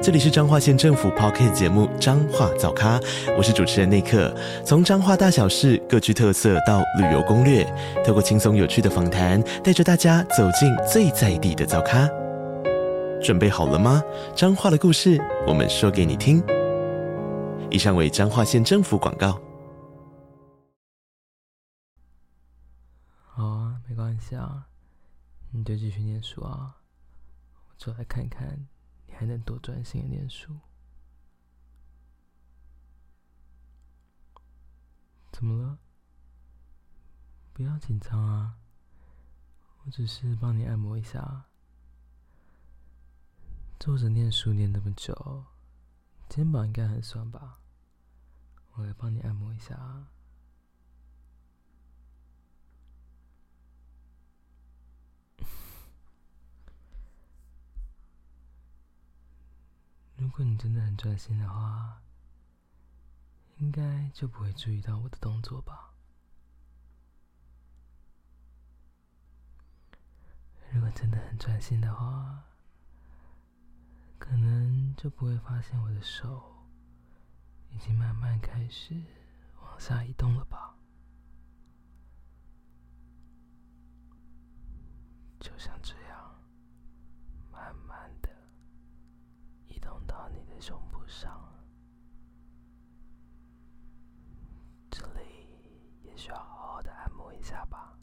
這裡是彰化縣政府 Podcast 節目《彰化早咖》，我是主持人內克。從彰化大小事各具特色到旅遊攻略，透過輕鬆有趣的訪談，帶着大家走進最在地的早咖。準備好了嗎？彰化的故事，我們說給你聽。以上為彰化縣政府廣告。好啊，沒關係啊，你就繼續念書啊，我走來看看。.還能多專心的念書，怎麼了？不要緊張啊，我只是幫你按摩一下。坐着念書念那麼久，肩膀應該很酸吧？我來幫你按摩一下啊。如果你真的很專心的話，應該就不會注意到我的動作吧。如果真的很專心的話，可能就不會發現我的手已經慢慢開始往下移動了吧，就像這樣。上。這裡也需要好好的按摩一下吧。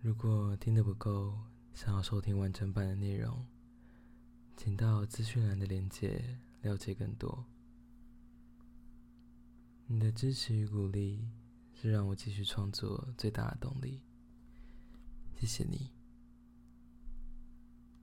如果聽得不夠，想要收聽完整版的內容，請到資訊欄的鏈接了解更多。你的支持與鼓勵是讓我繼續創作最大的動力，謝謝你。